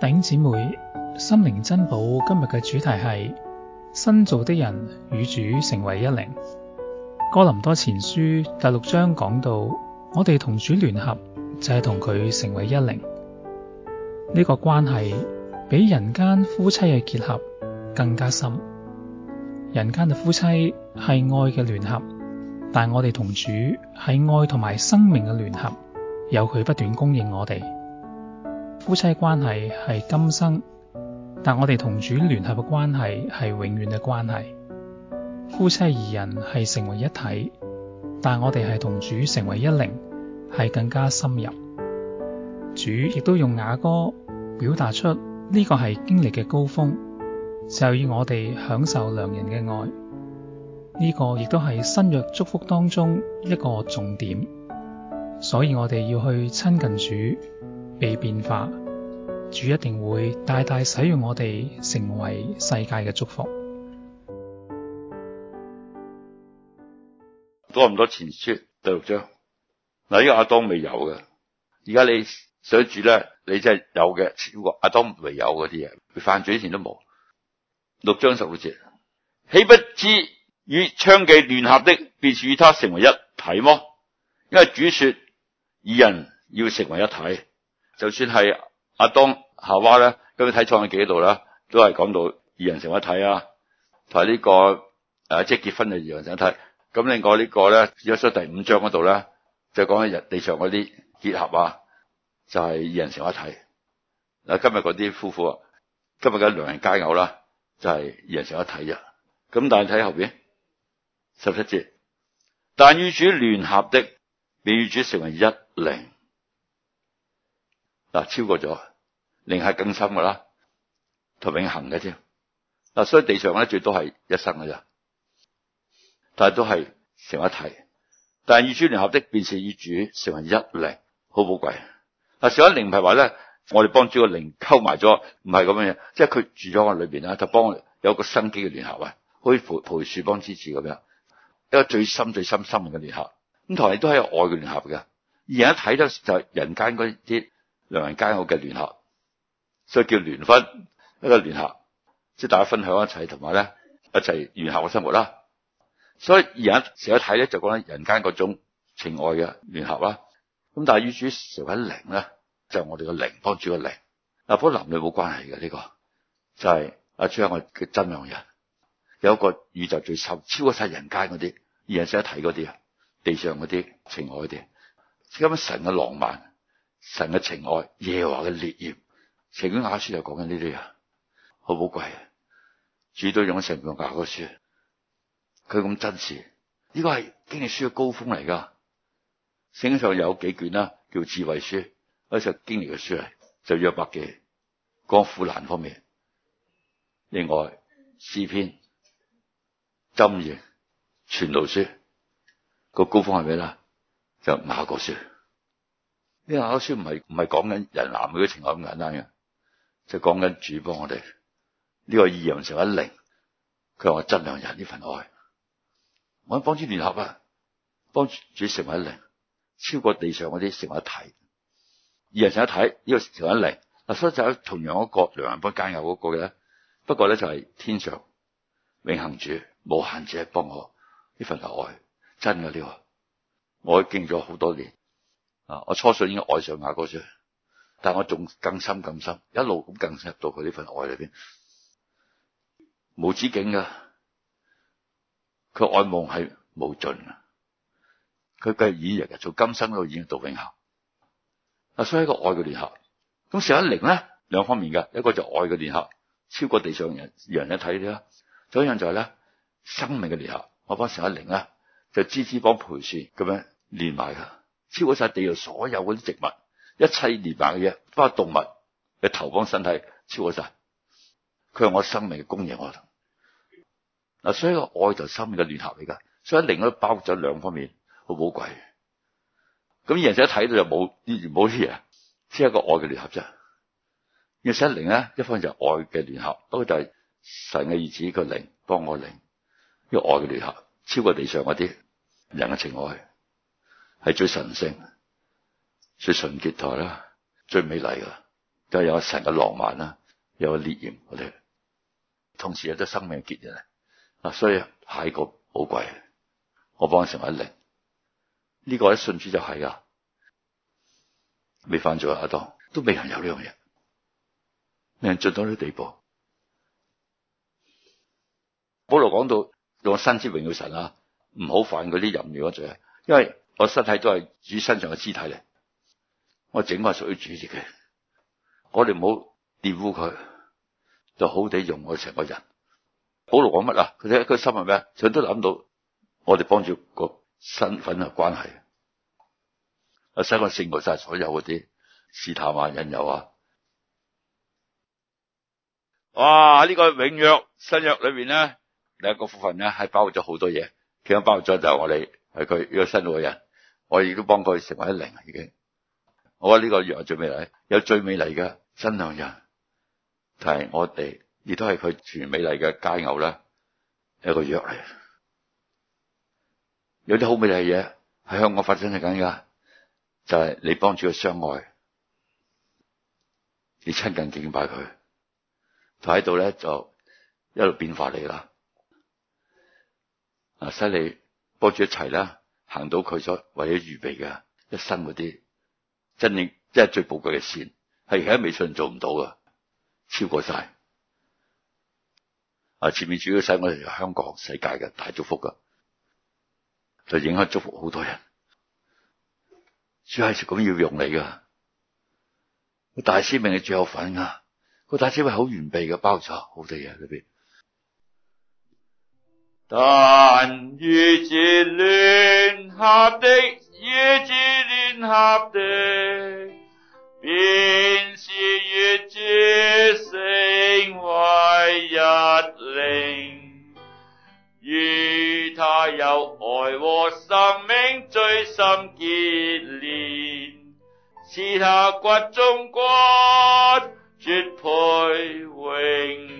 弟兄姊妹，心靈珍寶今日嘅主題係新造的人與主成為一靈。哥林多前書第六章講到，我哋同主聯合，就係同佢成為一靈。呢個關係比人間夫妻嘅結合更加深。人間嘅夫妻係愛嘅聯合，但我哋同主係愛同埋生命嘅聯合，有佢不斷供應我哋。夫妻關係係今生，但我哋同主聯合嘅關係係永遠嘅關係。夫妻二人係成為一體，但我哋係同主成為一靈，係更加深入。主亦都用雅歌表達出呢個係經歷嘅高峰，就以我哋享受良人嘅愛。呢個亦都係新約祝福當中一個重點，所以我哋要去親近主。被變化，主一定會大大使用我哋，成為世界嘅祝福。多唔多前書第六章嗱？呢、啊，這個阿當未有嘅，而家你想住咧，你真係有嘅。阿當未有嗰啲嘢，犯罪以前都冇。六章十五節，豈不知與娼妓聯合的，便是與他成為一體麼？因為主說二人要成為一體。就算係亞當夏娃咧，今日睇創嘅幾度啦，都係講到二人成一體啊，同埋呢個誒，即係結婚嘅二人成一體。咁另外個呢個咧，約書第五章嗰度咧，就講緊日地上嗰啲結合啊，就係、是、二人成一體。嗱，今日嗰啲夫婦，今日嘅良人佳偶啦，就係、是、二人成一體啊。咁但係睇後邊十七節，但與主聯合的，便與主成為一靈。嗱，超過咗，靈係更深噶啦，同永恒嘅啫。嗱，所以地上咧最多係一生嘅啫，但係都係成一體。但係與主聯合的，便是與主成為一靈，好寶貴。成一靈，唔係話咧，我哋幫主個靈溝埋咗，唔係咁樣，即係佢住咗我裏邊啦，就幫我有一個生機嘅聯合啊，好似葡萄樹幫枝子咁樣一個最深、最深、深嘅聯合。咁同你都係有愛嘅聯合嘅，而家睇到就係人間嗰啲。兩人間嘅聯合，所以叫聯婚，一個聯合，即係大家分享一齊，同埋咧一齊聯合嘅生活啦。所以而家成日睇咧就講咧人間嗰種情愛嘅聯合啦。咁但係與主成為靈咧，就是、我哋嘅靈，幫助個靈、啊。不過男女冇關係嘅呢個，就係、是、阿崔我嘅真良人，有一個宇宙最深超過晒人間嗰啲，而家成日睇嗰啲啊，地上嗰啲情愛啲，根本神嘅浪漫。神嘅情愛、耶華嘅烈焰，情感雅書就講緊呢啲啊，好寶貴啊！主都用咗成本雅歌書，佢咁真實，呢、這個係經歷書嘅高峰嚟噶聖經上有幾卷啦，叫智慧書，嗰就經歷嘅書嚟，就約伯記講苦難方面。另外詩篇、箴言、傳道書，那個高峰係咩呢？就雅歌書。呢個嗰書唔係唔係講緊人男嗰情況咁簡單嘅，就係講緊主幫我哋呢、這個二人成為一靈，佢話我真係良人呢份愛，我喺幫主聯合啊，幫主成為一靈，超過地上嗰啲成為一體，二人成一體，呢、這個成為一靈，嗱，所以就喺同樣一個良人不介有嗰個嘅，不過咧，就係天上，永恆主無限者幫我呢份愛真嘅呢、這個，我經咗好多年。啊！我初信已經愛上亞哥主，但我仲更深更深，一路咁更深入到佢呢份愛裏邊，無止境噶。佢愛慕係無盡噶，佢嘅演繹做今生到演繹到永恒。啊，所以一個愛嘅聯合。咁成一靈呢，咧，兩方面噶，一個就是愛嘅聯合，超過地上人，人一睇你啦。仲一樣就係咧，生命嘅聯合。我幫成一靈，零就支支幫培樹咁樣連埋噶。超過晒地上所有嗰啲植物，一切連環嘅嘢，包括動物嘅頭光身體，超過晒。佢係我的生命嘅供應我同嗱，所以個愛就係生命嘅聯合嚟噶。所以靈都包括咗兩方面，好寶貴。咁人仔一睇到就冇，冇啲嘢，只係個愛嘅聯合啫。因為神嘅靈咧，一方面就是愛嘅聯合，不過就係、是、神嘅兒子個靈幫我靈，因為愛嘅聯合超過地上嗰啲人嘅情愛。係最神聖、最純潔台啦，最美麗噶，都有神嘅浪漫啦，有烈焰，我哋同時有啲生命嘅結連啊，所以係一個好寶貴。我幫神一靈呢、這個一信主就係、是、啊，未犯罪，阿當，都未人有呢樣嘢，未人進到呢地步。保羅講到用身之榮耀神啊，唔好犯嗰啲淫亂嘅罪，因為。我身體都係主身上嘅肢體嚟，我整個係屬於主嘅，我哋唔好玷污佢，就好地用我成個人。保羅講乜啊？佢哋個心係咩？佢都諗到我哋幫住個身份嘅關係啊，包括勝過晒所有嗰啲試探引誘啊！哇！呢、這個永約新約裏邊咧，另一個部分咧係包括咗好多嘢，其中包括咗就係我哋係佢呢個新嘅人。我亦都幫佢成為一靈，已經。我話呢個藥係最美麗，有最美麗嘅新郎人，但係我哋亦都係佢最美麗嘅佳偶啦，一個藥嚟。有啲好美麗嘅嘢喺香港發生緊噶，就係你幫住佢相愛，你親近敬拜佢，就喺度咧就一路變化你啦。嗱，犀利，幫住一齊啦。行到佢所為咗預備嘅一生嗰啲，真正即係最寶貴嘅線，係喺微信做唔到㗎。超過曬。啊，前面主要使我哋香港世界嘅大祝福㗎，就影響祝福好多人。主要係咁要用你㗎。個大使命係最有份㗎，個大使命好完備嘅，包咗好多嘢入邊。但與主聯合的，與主聯合的，便是與主成為一靈；與他有愛和生命最深結連，是祂骨中骨，絕配、永。